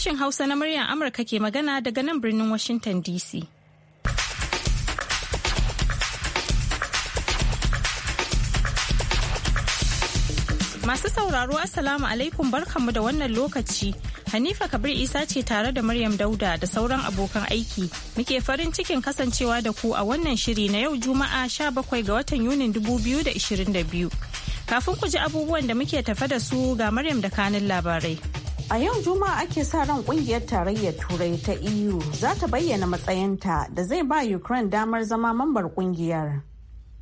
Sashen Hausa na muryar Amurka ke magana daga nan birnin Washington DC. Masu sauraro Assalamu alaikum barkanmu da wannan lokaci. Hanifa Kabir Isa ce tare da Maryam Dauda da sauran abokan aiki. Muke farin cikin kasancewa da ku a wannan shiri na yau Juma'a 17 ga watan Yunin 2022. Kafin ku ji abubuwan da muke tafe da su ga Maryam da kanin labarai. A yau Juma'a ake sa ran kungiyar tarayyar Turai ta EU za ta bayyana matsayinta da zai ba Ukraine damar zama mambar kungiyar.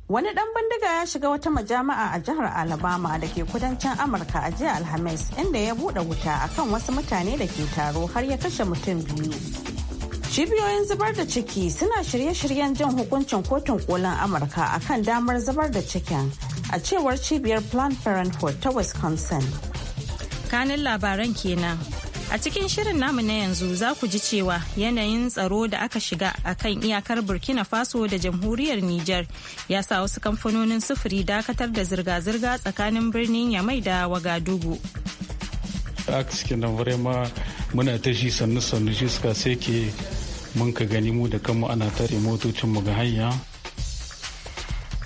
Wani dan bindiga ya shiga wata majama'a a jihar Alabama da ke kudancin Amurka a jiya Alhamis inda ya bude wuta akan wasu mutane da ke taro har ya kashe mutum biyu. Cibiyoyin zubar da ciki suna shirye-shiryen jin hukuncin kotun kolin Amurka akan damar zubar da cikin a cewar cibiyar Planned Parenthood ta Wisconsin. tsakanin labaran kenan. A cikin shirin namu na yanzu za ku ji cewa yanayin tsaro da aka shiga a kan iyakar Burkina Faso da jamhuriyar Nijar ya sa wasu kamfanonin sufuri dakatar da zirga-zirga tsakanin birnin Yamai da Wagadugu. Aka cikin nan ma muna ta shi sannu sannu shi suka sai ke mun ka gani mu da kanmu ana tare motocin mu ga hanya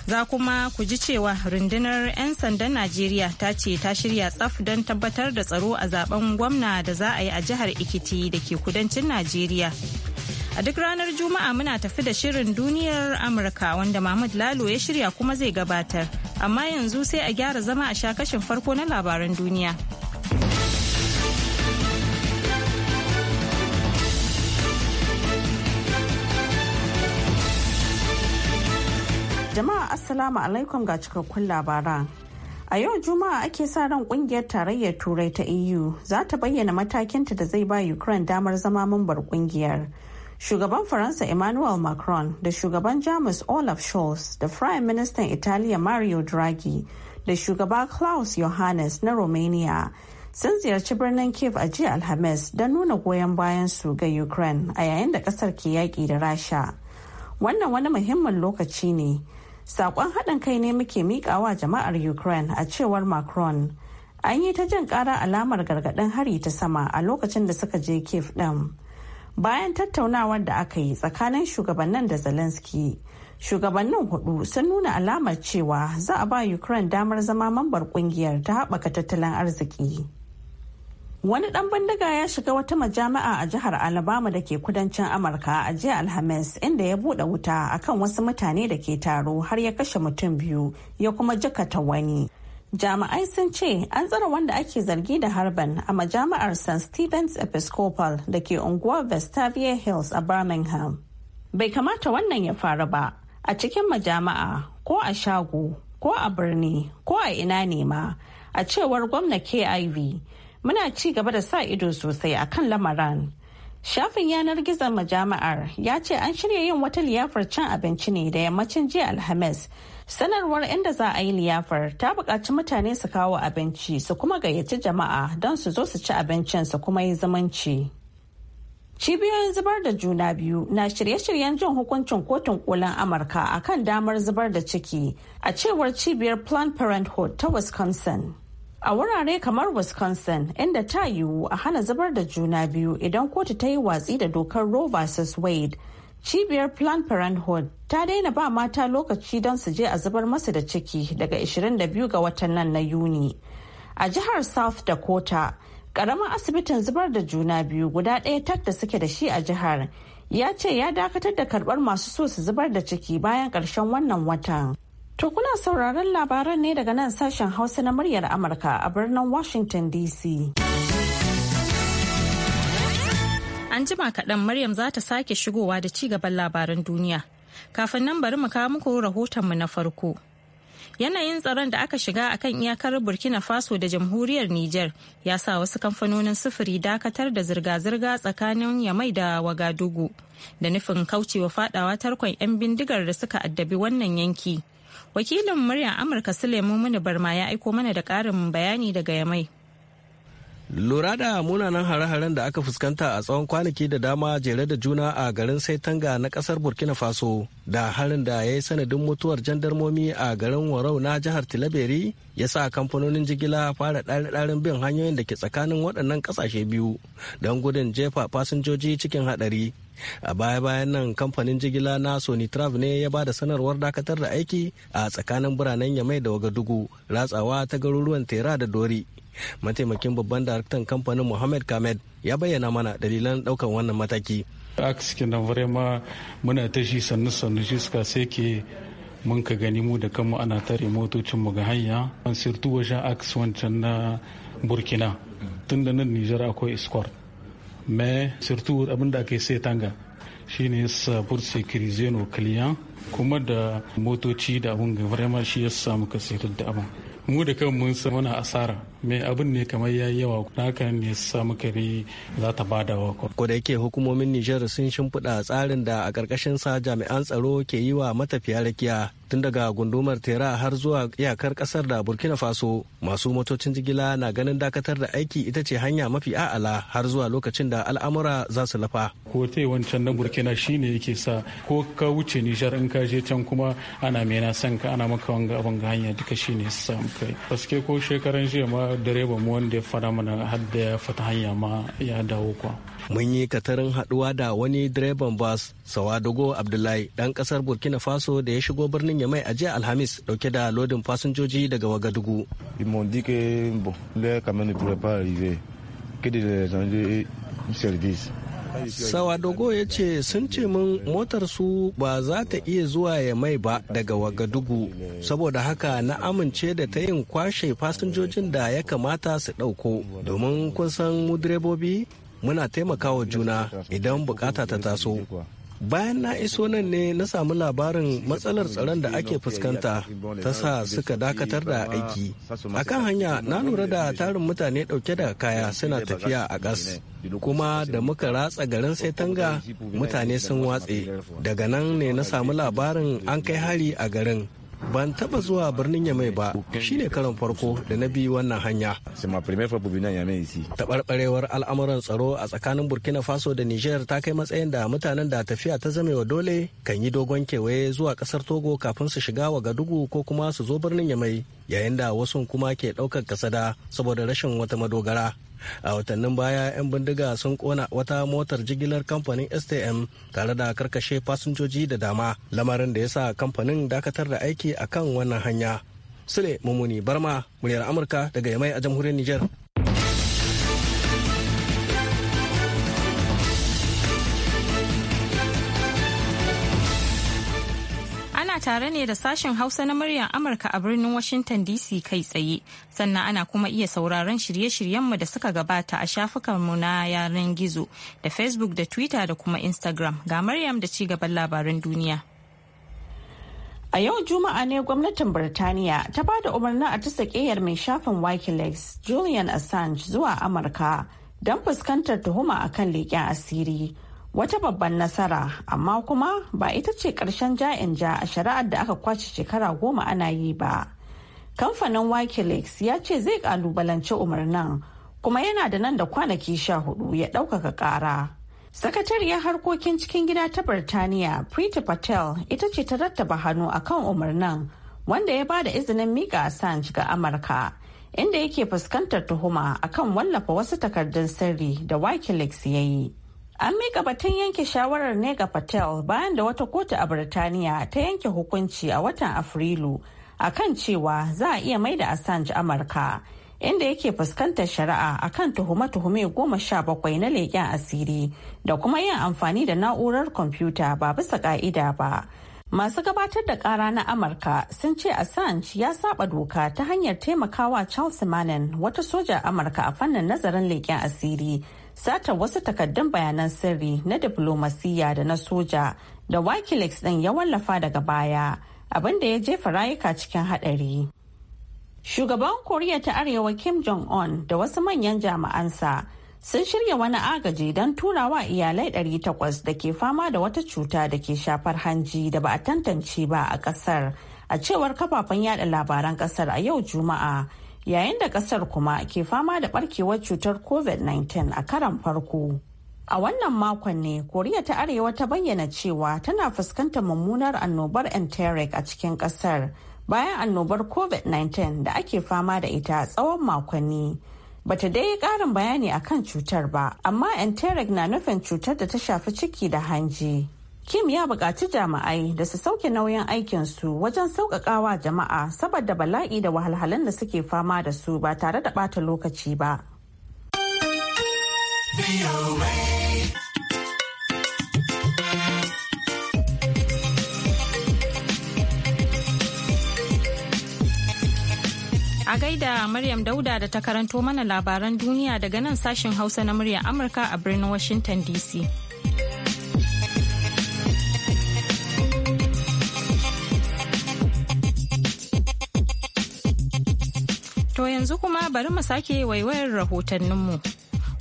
za kuma ku ji cewa rundunar 'yan sandan najeriya ta ce ta shirya tsaf don tabbatar da tsaro a zaben gwamna da za a yi a jihar ikiti da ke kudancin najeriya a duk ranar juma'a muna tafi da shirin duniyar amurka wanda mahmud lalo ya shirya kuma zai gabatar amma yanzu sai a gyara zama a sha kashin farko na labaran duniya. Jama'a Assalamu alaikum ga cikakkun labaran. A yau Juma'a ake sa ran kungiyar tarayyar Turai ta EU za ta bayyana matakinta da zai ba Ukraine damar zama mambar kungiyar. Shugaban Faransa Emmanuel Macron da shugaban Jamus Olaf Scholz da Prime Minister Italiya Mario Draghi da shugaba Klaus Johannes na Romania sun ziyarci birnin Kiev a jiya Alhamis don nuna goyon bayan su ga Ukraine a yayin da kasar ke yaƙi da Rasha. Wannan wani muhimmin lokaci ne. Sakon haɗin kai ne muke miƙawa jama'ar Ukraine a cewar Macron. An yi ta jin ƙara alamar gargaɗin hari ta sama a lokacin da suka je kif ɗin. Bayan tattaunawar da aka yi tsakanin shugabannin da Zelensky, shugabannin hudu sun nuna alamar cewa za a ba Ukraine damar zama mambar kungiyar ta haɓaka tattalin arziki. Wani ɗan bandaga ya shiga wata majami'a a jihar Alabama da ke kudancin Amurka a jiya Alhamis inda ya buɗe wuta akan wasu mutane da ke taro har ya kashe mutum biyu ya kuma jikata wani. Jami'ai sun ce an tsare wanda ake zargi da harban a majami'ar St. Stephen's Episcopal da ke unguwar Vestavia Hills a Birmingham. Bai kamata wannan ya faru ba a cikin majami'a ko a shago ko a birni ko a ina nema a cewar gwamna KIV. muna ci gaba da sa ido sosai a kan lamarin. Shafin yanar gizon majami'ar ya ce an shirya yin wata liyafar cin abinci ne da yammacin jiya Alhamis. Sanarwar inda za a yi liyafar ta bukaci mutane su kawo abinci su kuma gayyaci jama'a don su zo su ci abincin su kuma yi zumunci. Cibiyoyin zubar da juna biyu na shirye-shiryen jin hukuncin kotun kolin Amurka akan damar zubar da ciki a cewar cibiyar Planned Parenthood ta Wisconsin. a wurare kamar wisconsin inda ta yiwu a hana zubar da juna biyu idan kotu ta yi watsi da dokar roe vs wade cibiyar planned parenthood ta daina ba mata lokaci don su je a zubar masu da ciki daga 22 ga watan nan na yuni a jihar south dakota karamin asibitin zubar da juna biyu guda ɗaya tak da suke da shi a jihar ya ce ya dakatar da karbar masu so su zubar da ciki bayan ƙarshen wannan watan To kuna sauraron labaran ne daga nan sashen Hausa na muryar Amurka a birnin Washington DC. An jima kaɗan Maryam za ta sake shigowa da ci gaban labaran duniya. Kafin nan bari mu kawo muku mu na farko. Yanayin tsaron da aka shiga akan iyakar Burkina Faso da jamhuriyar Nijar ya sa wasu kamfanonin sufuri dakatar da zirga-zirga tsakanin Yamai da Wagadugu da nufin kaucewa fadawa tarkon 'yan bindigar da suka addabi wannan yanki. wakilin muryar amurka suleiman muni barma ya aiko mana da ƙarin bayani daga yamai Lura da munanan hare-haren da aka fuskanta a tsawon kwanaki da dama jere da juna a garin Saitanga na kasar Burkina Faso da harin da ya yi sanadin mutuwar jandarmomi a garin Warau na jihar Tilaberi ya sa kamfanonin jigila fara ɗari-ɗarin bin hanyoyin da ke tsakanin waɗannan ƙasashe biyu don gudun jefa fasinjoji cikin haɗari. A baya-bayan nan kamfanin jigila na Sony Trav ne ya ba da sanarwar dakatar da aiki a tsakanin biranen Yamai da Wagadugu ratsawa ta garuruwan Tera da Dori. mataimakin babban daraktan kamfanin mohammed kamed ya bayyana mana dalilan daukan wannan mataki aks kenan ma muna ta shi sannu sannu shi suka seke mun ka gani mu da kanmu ana tare motocin mu ga hanya an sirtu wajen aks wancan na burkina tun da nan nijar akwai iskwar me surtout abin da aka yi sai tanga shine ne pour sécuriser kuma da motoci da abun ga vraiment shi yasa muka sirtu da abin mu da kan mun san wani asara mai abin ne kamar ya yi yawa na hakan ne samu kare za ta ba da wako. Ko da yake hukumomin Nijar sun shimfiɗa tsarin da a ƙarƙashin sa jami'an tsaro ke yi wa matafiya rakiya tun daga gundumar tera har zuwa iyakar ƙasar da Burkina Faso masu motocin jigila na ganin dakatar da aiki ita ce hanya mafi a'ala har zuwa lokacin da al'amura za su lafa. Ko ta yi wancan na Burkina shi ne yake sa ko ka wuce Nijar in ka je can kuma ana mena san ka ana maka wanga abin ga hanya duka shi su samu kai. ko shekaran jiya ma direban mu wanda ya fada mana har da ya fita hanya ma ya dawo kwa. Mun yi katarin haɗuwa da wani direban bas Sawadogo Abdullahi dan ƙasar Burkina Faso da ya shigo birnin Yamai a jiya Alhamis ɗauke da lodin fasinjoji daga Wagadugu. Ils bon, le kamen ne pourrait pas arriver, que de les service. Sawadogo ya ce sun ce min motarsu ba za ta iya zuwa ya mai ba daga Wagadugu, saboda haka na amince da ta yin kwashe fasinjojin da ya kamata su ɗauko. Domin kun san mu direbobi muna taimakawa juna idan bukata ta taso. bayan na iso nan ne na samu labarin matsalar tsaron da ake fuskanta ta sa suka dakatar da aiki a kan hanya na lura da tarin mutane dauke da kaya suna tafiya a gas kuma da muka ratsa garin sai tanga mutane sun watse daga nan ne na samu labarin an kai hari a garin ban taba zuwa birnin yamai ba shine karon farko da na bi wannan hanya taɓarɓarewar al'amuran tsaro a tsakanin burkina faso da niger ta kai matsayin da mutanen da tafiya ta zamewa dole kan yi dogon kewaye zuwa ƙasar togo kafin su shiga wa gadugu ko kuma su zo birnin yamai yayin da wasu kuma ke ɗaukar kasada saboda rashin wata madogara a watannin baya 'yan bindiga sun kona wata motar jigilar kamfanin stm tare da karkashe fasinjoji da dama lamarin da ya sa kamfanin dakatar da aiki a kan wannan hanya sule mummuni barma muryar amurka daga yamai a jamhuriyar niger tare ne da sashen Hausa na muryar Amurka a birnin Washington DC kai tsaye. Sannan ana kuma iya sauraron shirye-shiryenmu da suka gabata a shafukanmu na yaran gizo da Facebook da Twitter da kuma Instagram. Ga Maryam da cigaban gaban labaran duniya. A yau Juma'a ne gwamnatin Birtaniya ta ba da umarni a ta sakeyar mai shafin Wikileaks Julian Assange zuwa Amurka don fuskantar tuhuma akan leƙen asiri. wata babban nasara amma kuma ba ita ce ƙarshen ja'in ja a shari'ar da aka kwace shekara goma ana yi ba kamfanin wikileaks ya ce zai kalubalance umarnin kuma yana da nan da kwanaki sha hudu ya ɗaukaka ƙara sakatariyar harkokin cikin gida ta birtaniya priti patel ita ce ta rattaba hannu akan umarnin wanda ya ba da izinin mika assange ga amurka inda yake fuskantar tuhuma akan wallafa wasu takardun sirri da wikileaks ya yi An mika batun yanke shawarar ne Patel bayan da wata kotu a Birtaniya ta yanke hukunci a watan Afrilu a kan cewa za a iya da Assange Amurka inda yake fuskantar shari'a a kan tuhume-tuhume goma sha bakwai na leƙen asiri da kuma yin amfani da na'urar kwamfuta ba bisa ƙa'ida ba Masu gabatar da kara na Amurka sun ce Assange ya saba doka ta hanyar taimakawa Charles Manin wata soja Amurka a fannin nazarin leƙen asiri, sata wasu takaddun bayanan sirri na diplomasiyya da na soja da Wikileaks ɗin ya wallafa daga baya, abinda ya jefa rayuka cikin haɗari. Shugaban Koriya ta Arewa Kim Jong-un da wasu manyan jami'ansa sun shirya wani agaji don turawa iyalai 800 da ke fama da wata cuta da ke shafar hanji da ba a tantance ba a kasar a cewar kafafen yada labaran kasar a yau juma'a yayin da kasar kuma ke fama da barkewar cutar covid-19 a karan farko a wannan makon ne koriya ta arewa ta bayyana cewa tana fuskantar mummunar annobar enteric a cikin kasar bayan annobar covid-19 da ake fama da ita tsawon makonni bata dai yi karin bayani akan cutar ba amma enteric na nufin cutar da ta shafi ciki da hanji kim ya buƙaci jami'ai da su sauke nauyin aikinsu wajen sauƙaƙawa jama'a saboda bala'i da wahalhalun da suke fama da su ba tare da ɓata lokaci ba. A gaida Maryam Dauda da ta karanto mana labaran duniya daga nan sashen Hausa na muryar Amurka a birnin Washington DC. To yanzu kuma bari mu sake waiwayar rahotanninmu.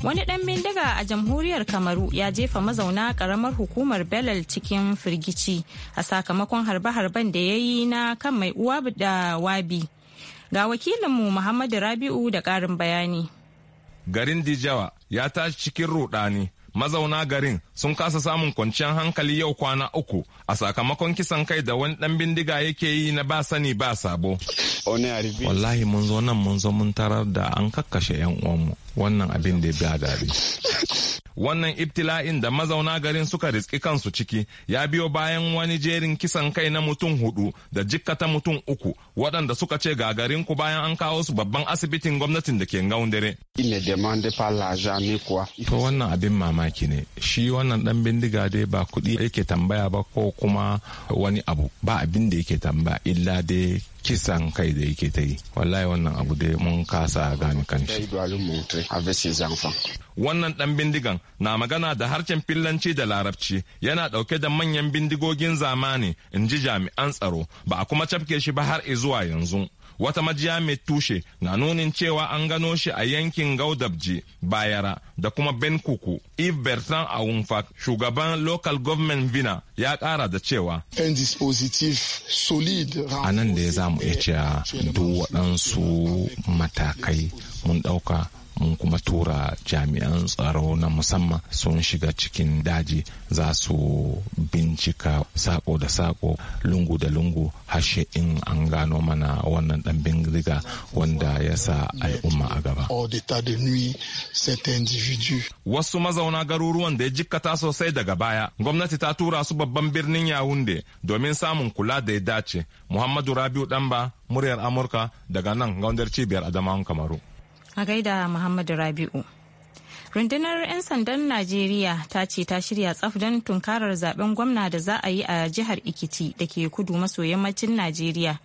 Wani ɗan bindiga a jamhuriyar Kamaru ya jefa mazauna ƙaramar hukumar Belal cikin firgici a sakamakon harbe-harben da ya yi na kan mai uwa da wabi. Ga wakilinmu Muhammadu Rabi'u da ƙarin bayani. Garin Dijawa ya tashi cikin rudani Mazauna garin sun kasa samun kwanciyar hankali yau kwana uku a sakamakon kisan kai da wani ɗan bindiga yake yi na ba sani ba sabo. Wallahi mun zo nan mun zo mun tarar da an kakkashe 'yan uwanmu. Wannan abin da ya daɗi. wannan ibtila'in da mazauna garin suka riski kansu ciki ya biyo bayan wani jerin kisan kai na mutum hudu da jikkata mutum uku waɗanda suka ce ga garin ku bayan an kawo su babban asibitin gwamnatin da ke ngaundare. To wannan abin mamaki ne shi wannan dan bindiga dai ba kuɗi yake tambaya ba ko kuma wani abu ba abin da yake tambaya illa dai kisan kai da yake ta yi wallahi wannan abu dai mun kasa gane kanshi wannan dan bindigan na magana da harshen fillanci da larabci yana dauke da manyan bindigogin zamani in ji jami'an tsaro ba a kuma cafke shi ba har izuwa yanzu wata majiya mai tushe na nunin cewa an gano shi a yankin gaudabji bayara da kuma benkuku if bertrand awunfak shugaban local government vina ya kara da cewa a nan da ya zamu iya cewa duk waɗansu matakai mun ɗauka mun kuma tura jami'an tsaro na musamman sun shiga cikin daji za su bincika sako da sako lungu da lungu hashe in an gano mana wannan dan bindiga wanda ya sa al'umma a gaba wasu mazauna garuruwan da ya jikkata sosai daga baya gwamnati ta tura su babban birnin yawunde domin samun kula da ya dace muhammadu rabiu danba muryar amurka daga nan gaundar cibiyar adamawan kamaru a gaida muhammadu rabi'u rundunar 'yan sandan najeriya ta ce ta shirya tsaf don tunkarar zaben gwamna da za a yi a jihar ikiti da ke kudu maso yammacin najeriya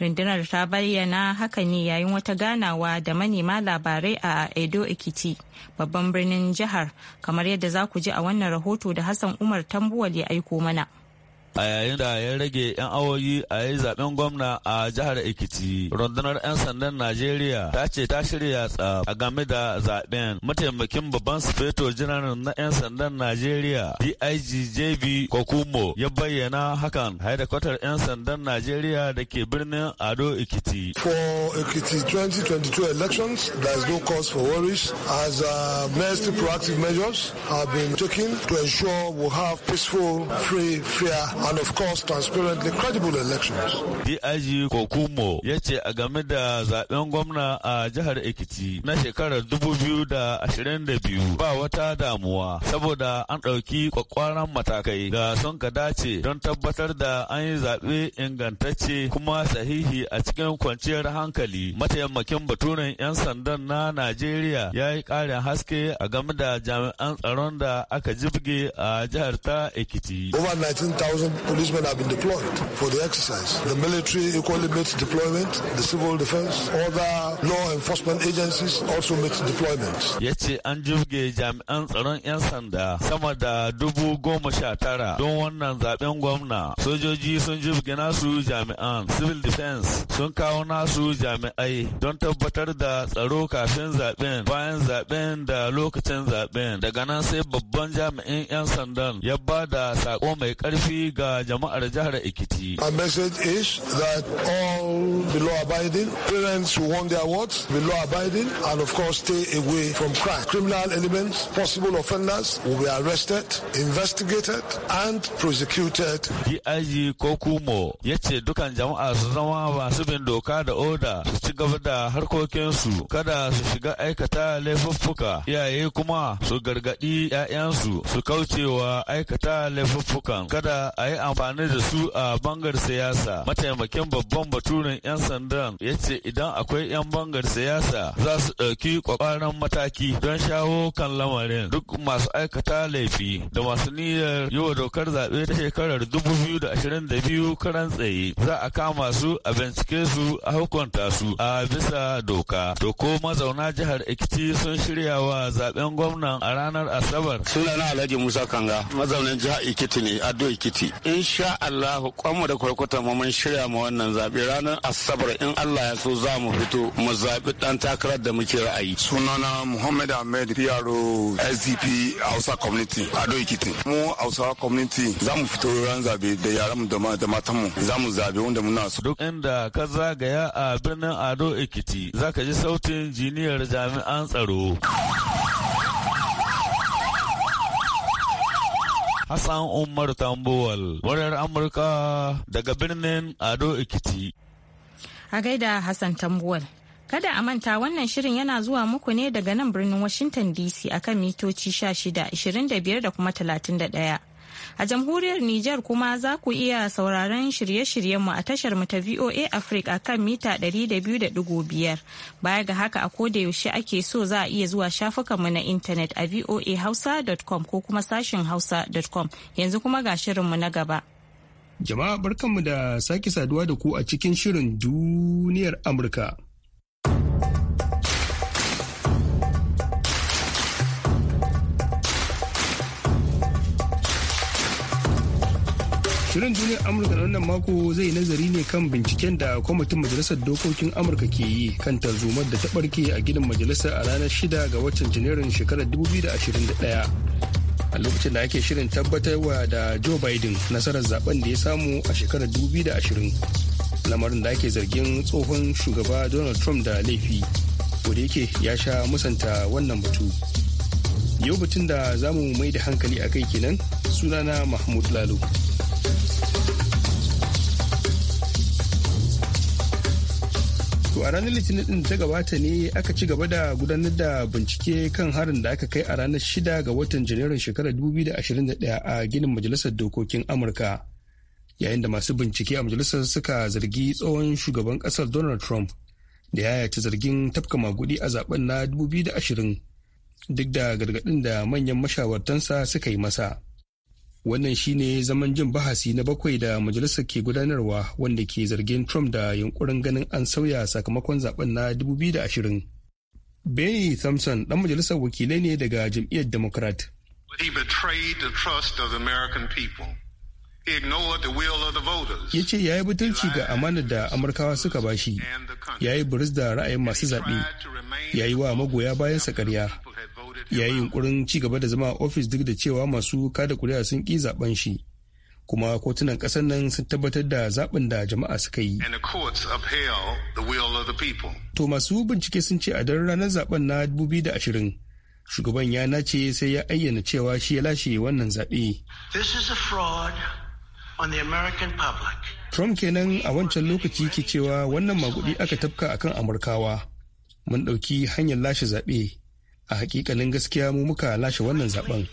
rundunar ta bayyana haka ne yayin wata ganawa da manema labarai a edo ikiti babban birnin jihar kamar yadda za ku ji a wannan rahoto da hassan umar tambuwal ya aiko mana. a yayin da ya rage 'yan awoyi a yi zaben gwamna a jihar Ekiti. Rundunar 'yan sandan Najeriya ta ce ta shirya tsab a game da zaben mataimakin babban sufeto jiranin na 'yan sandan Najeriya DIG JB Kokumo ya bayyana hakan kwatar 'yan sandan Najeriya da ke birnin Ado Ekiti. For Ekiti 2022 elections, there is no cause for worries as uh, proactive measures have been taken to ensure we we'll have peaceful, free, fair and of course transparently credible elections. DIG Kokumo ya ce a game da zaben gwamna a jihar Ekiti na shekarar 2022 ba wata damuwa saboda an ɗauki kwakwaran matakai ga sun ka dace don tabbatar da an yi zaɓe ingantacce kuma sahihi a cikin kwanciyar hankali. Mataimakin baturen 'yan sandan na Najeriya ya yi ƙarin haske a game da jami'an tsaron da aka jibge a jihar ta Ekiti. Over policemen have been deployed for the exercise. The military equally makes deployment, the civil defense, other law enforcement agencies also makes deployment. Ya ce an jirge jami'an tsaron 'yan sanda sama da dubu goma sha tara don wannan zaben gwamna. Sojoji sun jibge nasu jami'an, civil defense sun kawo nasu jami'ai don tabbatar da tsaro kafin zaben, bayan zaben da lokacin zaben. Daga nan sai babban jami'in 'yan sandan ya ba da sako mai karfi ga ga jama'ar jihar Ekiti. My message is that all below abiding parents who won their awards law abiding and of course stay away from crime. Criminal elements, possible offenders will be arrested, investigated and prosecuted. aji Kokumo ya ce dukan jama'a su zama masu bin doka da oda su ci gaba da harkokinsu kada su shiga aikata laifuffuka iyaye kuma su gargadi 'ya'yansu su kaucewa aikata laifuffukan kada a yi yi amfani da su a bangar siyasa mataimakin babban baturin 'yan sandan ya ce idan akwai 'yan bangar siyasa za su ɗauki kwakwaran mataki don shawo kan lamarin duk masu aikata laifi da masu niyyar yi wa dokar zaɓe ta shekarar 2022 karan tsaye za a kama su a bincike su a hukunta su a bisa doka to ko mazauna jihar ekiti sun shirya wa zaben gwamnan a ranar asabar sunana alhaji musa kanga mazaunin jihar ekiti ne ado ekiti insha Allah kwanmu da kwarkwatar mu mun shirya mu wannan zabe ranar asabar in Allah ya so za mu fito mu zabi dan takarar da muke ra'ayi sunana Muhammad Ahmed Yaro SDP Hausa Community Ado Ikiti mu Hausa Community za mu fito ran zabe da yaran mu da matan mu za mu zabe wanda muna so duk inda ka zagaya a birnin Ado Ikiti zaka ji sautin jiniyar jami'an tsaro Hassan Umar Tambuwal, warar Amurka daga birnin Ado Ekiti. A gaida Hassan Tambuwal. Kada a manta wannan shirin yana zuwa muku ne daga nan birnin Washington DC akan mitoci 16, 25 da kuma 31. A jamhuriyar Nijar kuma za ku iya sauraron shirye-shiryenmu a tashar mu ta VOA Africa kan mita 200.5. Baya ga haka a koda yaushe ake so za a iya zuwa shafukanmu na intanet a voahausa.com ko kuma sashin hausa.com. Yanzu kuma ga shirinmu na gaba. Jama'a barkanmu da sake saduwa da ku a cikin shirin duniyar Amurka. Shirin duniyar Amurka da wannan mako zai nazari ne kan binciken da kwamitin Majalisar Dokokin Amurka ke yi kan tarzomar da ta barke a gidan majalisa a ranar shida ga watan Janairun shekarar 2021. a lokacin da ake shirin tabbatarwa da joe biden nasarar zaben da ya samu a shekarar 2020 lamarin da ake zargin tsohon shugaba donald trump da laifi Wanda yake ya sha musanta wannan batu yau batun da zamu mai da hankali a kai kenan sunana mahmud lalo To a ranar Litinin din ta gabata ne aka ci gaba da gudanar da bincike kan harin da aka kai a ranar 6 ga watan Janairun shekarar 2021 a ginin Majalisar Dokokin Amurka. Yayin da masu bincike a majalisar suka zargi tsohon shugaban kasar Donald Trump da ya zargin tafka magudi a zaben na 2020 duk da gargaɗin da manyan mashawartansa suka yi masa. wannan shine zaman jin bahasi na bakwai da majalisar ke gudanarwa wanda ke zargin trump da yunkurin ganin an sauya sakamakon zaben na 2020 benny thompson dan majalisar wakilai ne daga jam'iyyar democrat ya ce ya yi butulci ga amanar da amurkawa suka bashi ya yi buris da ra'ayin masu zaɓe ya yi wa magoya bayansa ƙarya yayin yi yunkurin ci gaba da zama a ofis duk da cewa masu kada kuri'a sun ki zaben shi kuma kotunan ƙasar nan sun tabbatar da zaɓin da jama'a suka yi. To masu bincike sun ce a dar ranar zaben na 2020 shugaban ya nace sai ya ayyana cewa shi ya lashe wannan zaɓe. Trump kenan a wancan lokaci ke cewa wannan maguɗi aka tafka akan Amurkawa. Mun ɗauki hanyar lashe zaɓe. a hakikalin gaskiya mu muka lashe wannan zaben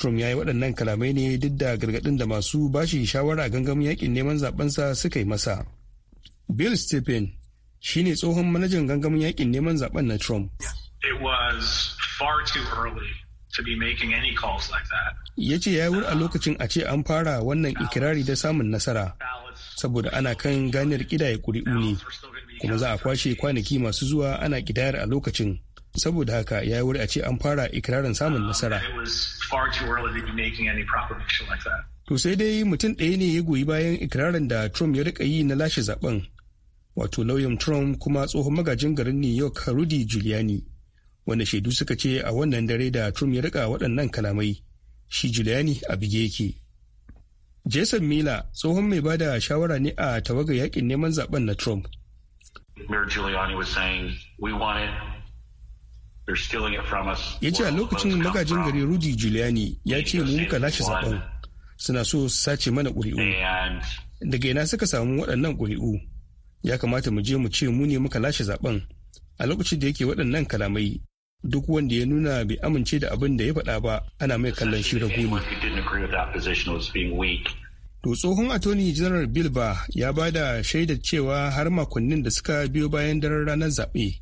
trump ya yi waɗannan kalamai ne duk da gargaɗin da masu bashi shawara gangamin yakin neman zabensa suka yi masa bill stephen ne tsohon manajan gangamin yakin neman zaben na trump ya ce ya wuri a lokacin a ce an fara wannan ikirari da samun nasara saboda ana kan ganiyar kidaye ƙuri'u ne kuma za a kwashe kwanaki masu zuwa ana kidayar a lokacin saboda haka ya yi a ce an fara ikirarin samun uh, nasara to sai dai mutum ɗaya ne ya goyi bayan ikirarin da trump ya rika yi na lashe zaben wato lauyan trump kuma tsohon magajin garin new york rudy giuliani wanda shaidu suka ce a wannan dare da trump ya rika waɗannan kalamai shi giuliani a bige yake jason miller tsohon mai bada shawara ne a tawagar yakin neman zaben na trump Mayor Giuliani was saying, we want it. Ya ce a lokacin magajin gari Rudy Giuliani ya ce mu muka lashe zaben suna so su sace mana ƙuri'u. Daga ina suka samu waɗannan ƙuri'u ya kamata mu je mu ce mu ne muka lashe zaben a lokacin da yake waɗannan kalamai duk wanda ya nuna bai amince da abin da ya faɗa ba ana mai kallon shi da To tsohon attorney general Bilba ya ba da shaidar cewa har makonnin da suka biyo bayan daren ranar zaɓe.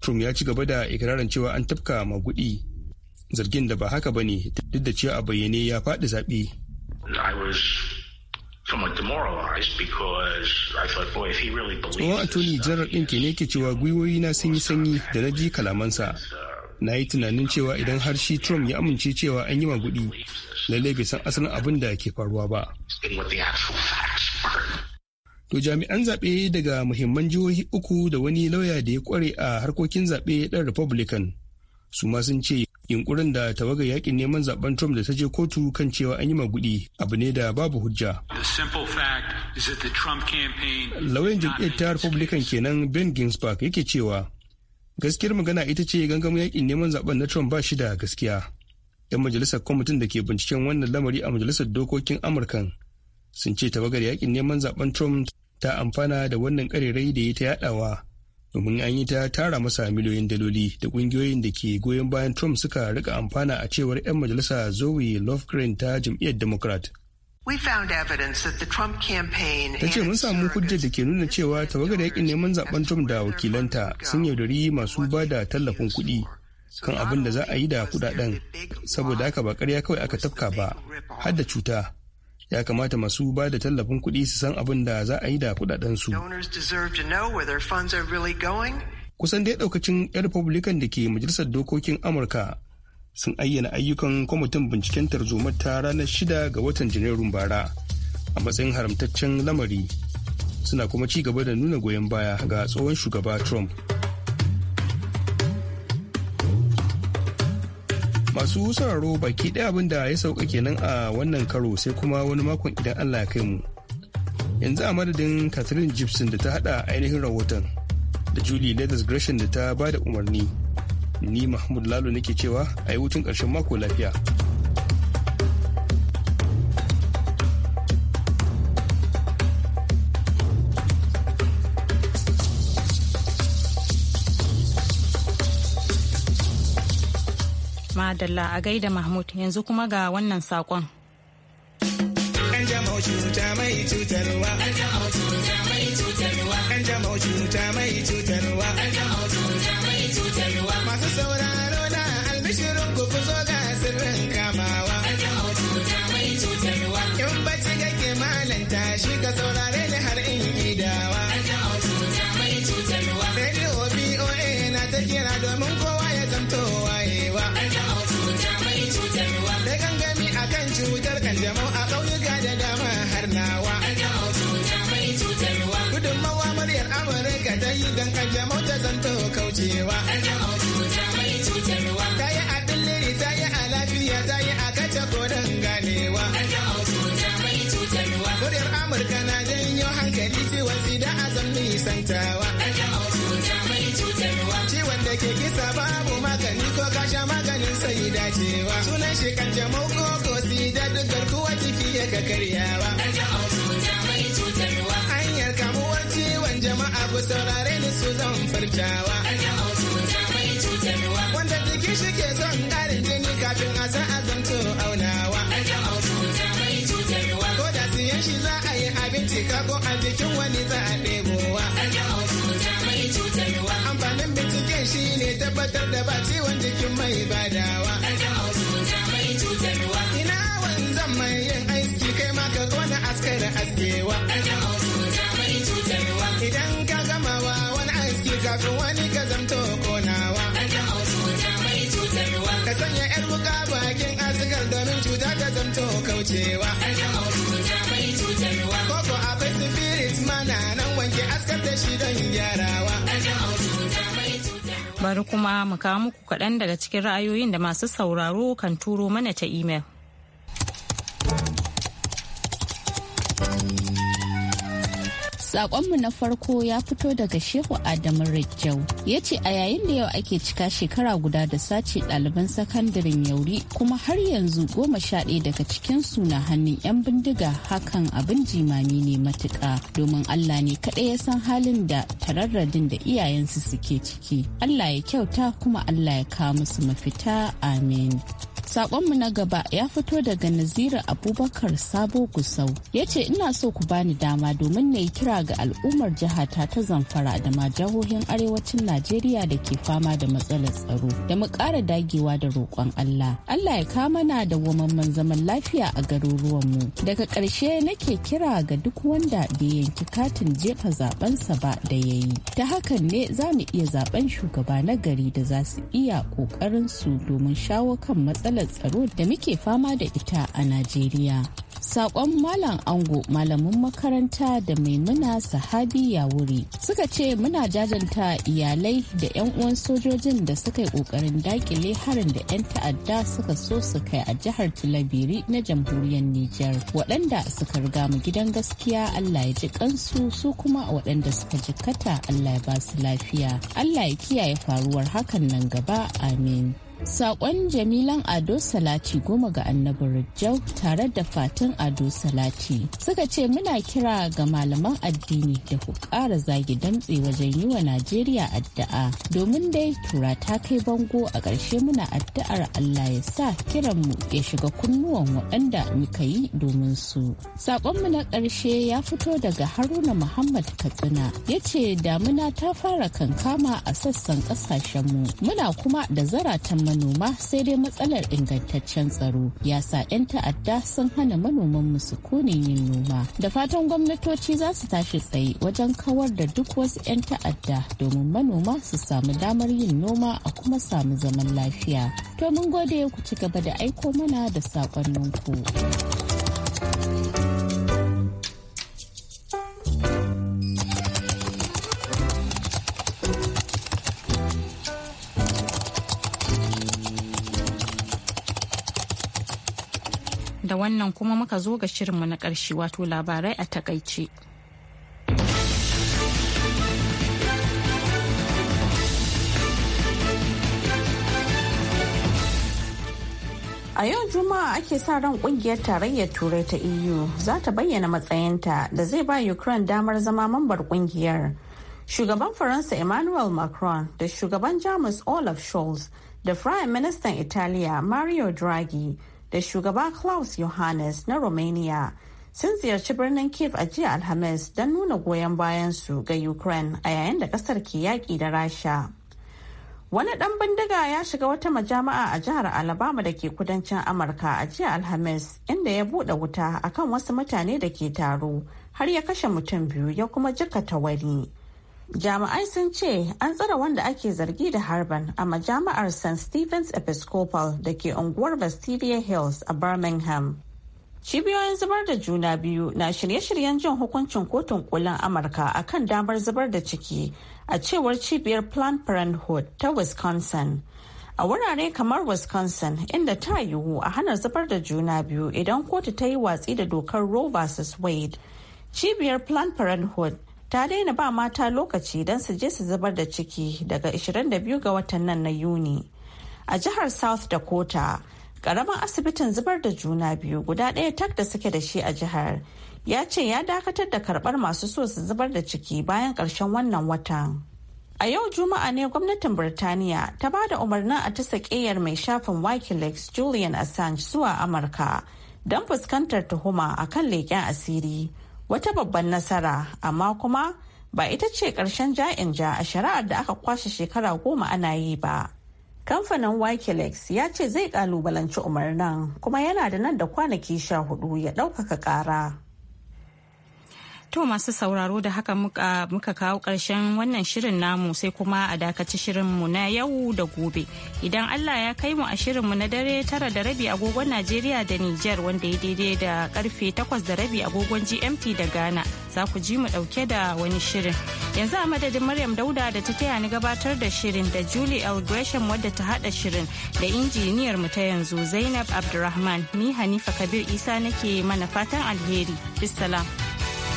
Trump ya ci gaba da ikirarin cewa an tafka magudi zargin da ba haka ba ne duk da cewa a bayyane ya faɗi zaɓe. Tsohon attorney general ɗin ke ne ke cewa gwiwoyi na sun yi sanyi da na ji kalamansa. na yi tunanin cewa idan har shi trump ya amince cewa an yi magudi lallai bai san asalin abin da ke faruwa ba to jami'an zaɓe daga muhimman jihohi uku da wani lauya da ya kware a harkokin zaɓe ɗan republican su ma sun ce yunkurin da tawagar yakin neman zaben Trump da ta je kotu kan cewa an yi magudi abu ne da babu hujja. Lauyan jam'iyyar ta Republican kenan Ben Ginsburg yake cewa gaskiyar magana ita ce gangamin yakin neman zaben na trump ba shi da gaskiya yan majalisar kwamitin da ke binciken wannan lamari a majalisar dokokin amurkan sun ce tawagar yakin neman zaben trump ta amfana da wannan karerai da ya ta yadawa domin an yi ta tara masa miliyoyin daloli da kungiyoyin da ke goyon bayan trump suka rika amfana a cewar 'yan majalisa zoe lofgren ta jam'iyyar democrat Ta ce mun samu hujjar da ke nuna cewa tawagar yakin neman zaben Trump da wakilanta sun yaudari masu ba da tallafin kuɗi kan abin da za a yi da kuɗaɗen saboda haka ba ƙarya kawai aka tafka ba har da cuta. Ya kamata masu ba da tallafin kuɗi su san abin da za a yi da kuɗaɗen kuɗaɗensu. Kusan dai ɗaukacin 'yan Republican da ke Majalisar Dokokin Amurka sun ayyana ayyukan kwamitin binciken tarzomar ta ranar shida ga watan janairun bara a matsayin haramtaccen lamari suna kuma ci gaba da nuna goyon baya ga tsohon shugaba trump masu sauraro baki ɗaya abin da ya sauka kenan a wannan karo sai kuma wani makon idan allah ya kai mu yanzu a madadin catherine gibson da ta hada ainihin rahoton da julie leathers gresham da ta ba da umarni Ni Mahmud Lalo nake cewa a yi hutun ƙarshen mako lafiya. Madalla a gaida Mahmud yanzu kuma ga wannan saƙon. Ƙanjamau cuta mai cutarwa. Ƙanjamau mai cutarwa. mai cutarwa. masu sauraro na albishirin ku ku zo ga sirrin kamawa. In bacci kake malanta shi ka saurare ni har in yi dawa. Radio BOA na ta kira domin kowa ya zanto wayewa. Da gangami akan cutar kanjamau a ƙauyuka da dama har nawa. Gudunmawa muryar Amurka ta yi don kanjamau ta zanto kaucewa. ta koren ganewa. Muryar Amurka na janyo hankali ciwon sida a zan nisantawa. Ciwon da ke kisa babu magani ko kasha maganin sai dacewa. Sunan shi kan ko ko sida duk garkuwa jiki ya ka karyawa. Hanyar kamuwar ciwon jama'a ku saurare ni su zan furtawa. wanda jikin shi ke son ƙarin jini kafin a san azamto aunawa ko da siyan shi za a yi abinci kago a jikin wani za a ɗebowa amfanin binciken shi ne tabbatar da ba ciwon jikin mai badawa ina wanzan mai yin aiki kai ma ka kona askara askewa idan ka gamawa wani aiki kafin wani ka zamto kona kaucewa koko akwai spirit mana nan wanke askar da shi don gyarawa bari kuma mu kawo muku kaɗan daga cikin ra'ayoyin da masu sauraro kan turo mana ta imel Sakonmu na farko ya fito daga Shehu Adamu Rijau. Ya ce a yayin da yau ake cika shekara guda da sace ɗaliban sakandaren yauri kuma har yanzu goma sha ɗaya daga cikin suna hannun 'yan bindiga hakan abin jimami ne matuƙa domin Allah ne kaɗai ya san halin da tararradin da iyayensu suke ciki. Allah ya kyauta kuma Allah ya kawo musu mafita amin. Sakonmu na gaba ya fito daga naziru Abubakar Sabo Gusau. Ya ce ina so ku bani dama domin na yi kira ga al'ummar jihata ta Zamfara da ma jihohin arewacin Najeriya da ke fama da matsalar tsaro. Da mu kara dagewa da roƙon Allah. Allah ya kama na da wamanman zaman lafiya a garuruwanmu. Daga ƙarshe nake kira ga duk wanda bai yanki katin jefa zabensa ba da ya yi. Ta hakan ne za mu iya zaben shugaba na gari da za su iya ƙoƙarinsu domin shawo kan matsalar matsalar tsaro da muke fama da ita a Najeriya. Sakon Malam Ango malamin makaranta da Maimuna Sahabi wuri suka ce muna jajanta iyalai da 'yan uwan sojojin da suka yi kokarin dakile harin da 'yan ta'adda suka so su kai a jihar Tilabiri na jamhuriyar Nijar. Waɗanda suka riga mu gidan gaskiya Allah ya ji kansu su kuma waɗanda suka jikkata Allah ya ba su lafiya. Allah ya kiyaye faruwar hakan nan gaba amin. Sakon Jamilan Ado Salati goma ga annabin Rijau tare da fatan Ado Salati suka ce muna kira ga malaman addini da ku ƙara zagi damtse wajen yi wa Najeriya addu'a domin dai tura ta kai bango a ƙarshe muna addu'ar Allah ya sa kiranmu ya shiga kunnuwan waɗanda muka yi domin su. Sakonmu na ƙarshe ya fito daga Haruna Muhammad Katsina ya ce damuna ta fara kankama a sassan ƙasashenmu muna kuma da zaratan manoma sai dai matsalar ingantaccen tsaro ya sa 'yan ta'adda sun hana manoman su kunin yin noma da fatan gwamnatoci za su tashi tsaye wajen kawar da duk wasu 'yan ta'adda domin manoma su samu damar yin noma a kuma samu zaman lafiya to mun gode ku ci gaba da aiko mana da saƙonninku. da wannan kuma muka zo ga shirinmu na ƙarshe wato labarai a takaice. A yau Juma'a ake sa ran kungiyar tarayyar Turai ta EU za ta bayyana matsayinta da zai ba Ukraine damar zama mambar kungiyar. Shugaban Faransa Emmanuel Macron da shugaban Jamus Olaf Scholz da Prime Minister Italiya Mario Draghi da shugaba Klaus Yohannes na Romania sun ziyarci birnin Kiev a jiya Alhamis don nuna goyon bayansu ga Ukraine a yayin da kasar ke yaƙi da Rasha. Wani ɗan bindiga ya shiga wata majama'a a jihar Alabama da ke kudancin Amurka a jiya Alhamis inda ya buɗe wuta akan wasu mutane da ke taro har ya kashe mutum biyu ya kuma jikata wani. jami'ai sun ce an tsare wanda ake zargi da harban a majami'ar st stephen's episcopal da ke unguwar vestibular hills a birmingham cibiyoyin zubar da juna biyu na shirye-shiryen jin hukuncin kotun kolin amurka a kan damar zubar da ciki a cewar cibiyar planned parenthood ta wisconsin a wurare kamar wisconsin inda ta yiwu a hana zubar da juna biyu idan kotu ta yi watsi da dokar roe vs wade cibiyar planned parenthood ta daina ba mata lokaci don su je su zubar da ciki daga 22 ga watan nan na yuni a jihar south dakota karamin asibitin zubar da juna biyu guda ɗaya tak da suke da shi a jihar ya ce ya dakatar da karɓar masu so su zubar da ciki bayan ƙarshen wannan watan a yau juma'a ne gwamnatin birtaniya ta ba da umarnin a ta sakeyar mai shafin wikileaks julian assange zuwa amurka don fuskantar tuhuma akan leƙen asiri wata babban nasara amma kuma ba ita ce ƙarshen ja'in ja a shari'ar da aka kwashe shekara goma ana yi ba. Kamfanin Wikileaks ya ce zai kalubalanci umarnin kuma yana da nan da kwanaki sha hudu ya ɗaukaka ƙara. To masu sauraro da haka muka, kawo ƙarshen wannan shirin namu sai kuma a dakaci shirinmu na yau da gobe. Idan Allah ya kai mu a shirinmu na dare tara da rabi agogon Najeriya da Nijar wanda ya daidai da karfe takwas da rabi agogon GMT da Ghana za ku ji mu ɗauke da wani shirin. Yanzu a madadin Maryam Dauda da ta taya ni gabatar da shirin da Julie L. Gresham wadda ta haɗa shirin da injiniyar mu ta yanzu Zainab Abdulrahman ni Hanifa Kabir Isa nake mana fatan alheri. Bissalam.